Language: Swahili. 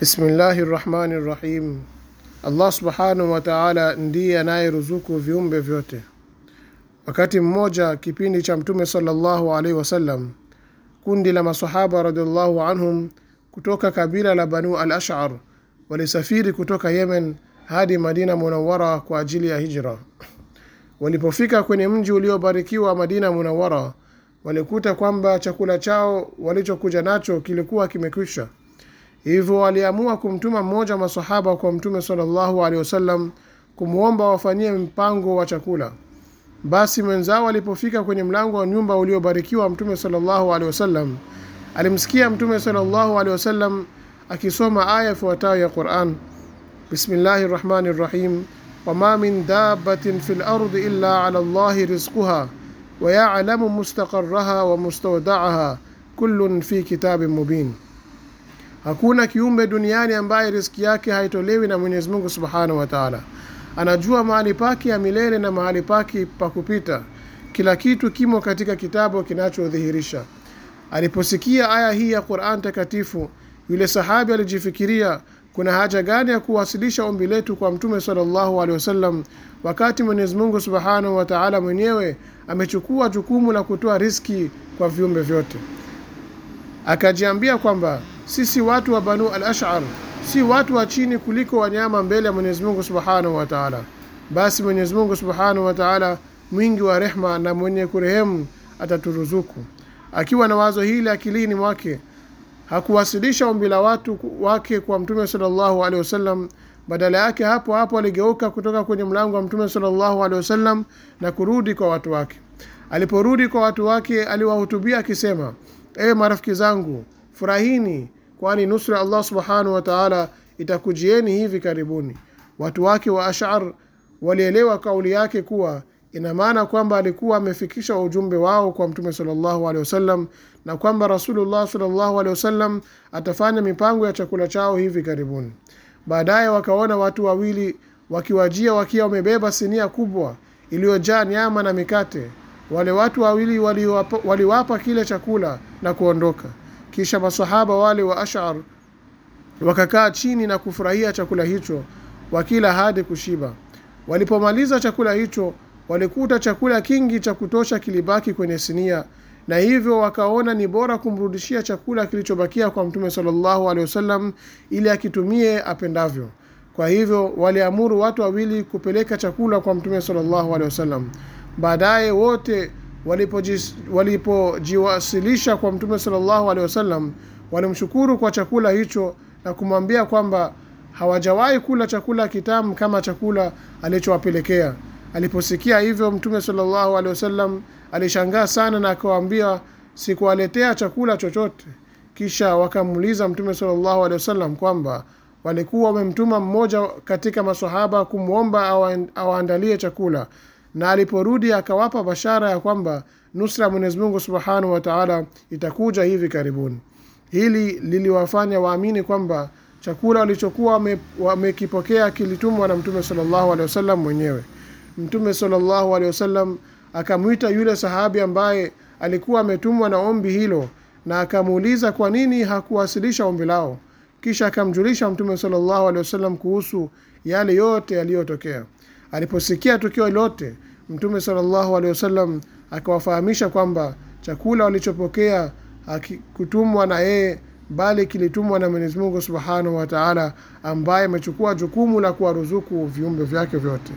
Bismillahi rrahmani rrahim Allah subhanahu wa taala ndiye anayeruzuku viumbe vyote. Wakati mmoja, kipindi cha Mtume sallallahu alaihi wasallam, kundi la masahaba radiallahu anhum kutoka kabila la Banu al Ashar walisafiri kutoka Yemen hadi Madina Munawara kwa ajili ya hijra. Walipofika kwenye mji uliobarikiwa Madina Munawara, walikuta kwamba chakula chao walichokuja nacho kilikuwa kimekwisha. Hivyo waliamua kumtuma mmoja wa masahaba kwa Mtume sallallahu alaihi wasallam kumwomba wafanyie mpango wa chakula. Basi mwenzao alipofika kwenye mlango wa nyumba uliobarikiwa Mtume sallallahu alaihi wasallam, alimsikia Mtume sallallahu alaihi wasallam akisoma aya ifuatayo ya Qur'an, bismillahi rahmani rahim, wama min dabbatin fi lardi illa ala llahi rizquha wa ya'lamu wa mustawdaaha kullun fi kitabin mubin. Hakuna kiumbe duniani ambaye riziki yake haitolewi na Mwenyezi Mungu Subhanahu wa Ta'ala. Anajua mahali pake ya milele na mahali pake pa kupita. Kila kitu kimo katika kitabu kinachodhihirisha. Aliposikia aya hii ya Qur'an takatifu, yule sahabi alijifikiria kuna haja gani ya kuwasilisha ombi letu kwa Mtume sallallahu alaihi wasallam wakati Mwenyezi Mungu Subhanahu wa Ta'ala mwenyewe amechukua jukumu la kutoa riski kwa viumbe vyote. Akajiambia kwamba sisi watu wa Banu al-Ash'ar si watu wa chini kuliko wanyama mbele ya Mwenyezi Mungu Subhanahu wa Ta'ala. Basi Mwenyezi Mungu Subhanahu wa Ta'ala mwingi wa rehma na mwenye kurehemu ataturuzuku. Akiwa na wazo hili akilini mwake, hakuwasilisha ombi la watu wake kwa Mtume sallallahu alaihi wasallam. Badala yake, hapo hapo aligeuka kutoka kwenye mlango wa Mtume sallallahu alaihi wasallam na kurudi kwa watu wake. Aliporudi kwa watu wake, aliwahutubia akisema: ewe marafiki zangu, furahini kwani nusra Allah subhanahu wa ta'ala itakujieni hivi karibuni. Watu wake wa Ash'ar walielewa kauli yake kuwa ina maana kwamba alikuwa amefikisha ujumbe wao kwa Mtume sallallahu alaihi wasallam na kwamba Rasulullah sallallahu alaihi wasallam atafanya mipango ya chakula chao hivi karibuni. Baadaye wakaona watu wawili wakiwajia wakiwa wamebeba sinia kubwa iliyojaa nyama na mikate. Wale watu wawili waliwapa, waliwapa kile chakula na kuondoka kisha masahaba wale wa Ash'ar wakakaa chini na kufurahia chakula hicho wakila hadi kushiba walipomaliza chakula hicho walikuta chakula kingi cha kutosha kilibaki kwenye sinia na hivyo wakaona ni bora kumrudishia chakula kilichobakia kwa mtume sallallahu alaihi wasallam ili akitumie apendavyo kwa hivyo waliamuru watu wawili kupeleka chakula kwa mtume sallallahu alaihi wasallam baadaye wote walipojiwasilisha walipo kwa mtume sallallahu alehi wasallam walimshukuru kwa chakula hicho na kumwambia kwamba hawajawahi kula chakula kitamu kama chakula alichowapelekea aliposikia hivyo mtume sallallahu alehi wasallam alishangaa sana na akawaambia sikuwaletea chakula chochote kisha wakamuuliza mtume sallallahu alehi wasallam kwamba walikuwa wamemtuma mmoja katika masahaba kumwomba awaandalie chakula na aliporudi akawapa bashara ya kwamba nusra Mwenyezi Mungu Subhanahu wa Ta'ala itakuja hivi karibuni. Hili liliwafanya waamini kwamba chakula walichokuwa wamekipokea wame kilitumwa na Mtume sallallahu alaihi wasallam mwenyewe. Mtume sallallahu alaihi wasallam akamwita yule sahabi ambaye alikuwa ametumwa na ombi hilo na akamuuliza kwa nini hakuwasilisha ombi lao. Kisha akamjulisha Mtume sallallahu alaihi wasallam kuhusu yale yote yaliyotokea. Aliposikia tukio lote, Mtume salallahu alehi wasallam akawafahamisha kwamba chakula walichopokea akikutumwa na yeye bali kilitumwa na Mwenyezi Mungu Subhanahu wa Ta'ala, ambaye amechukua jukumu la kuwaruzuku viumbe vyake vyote.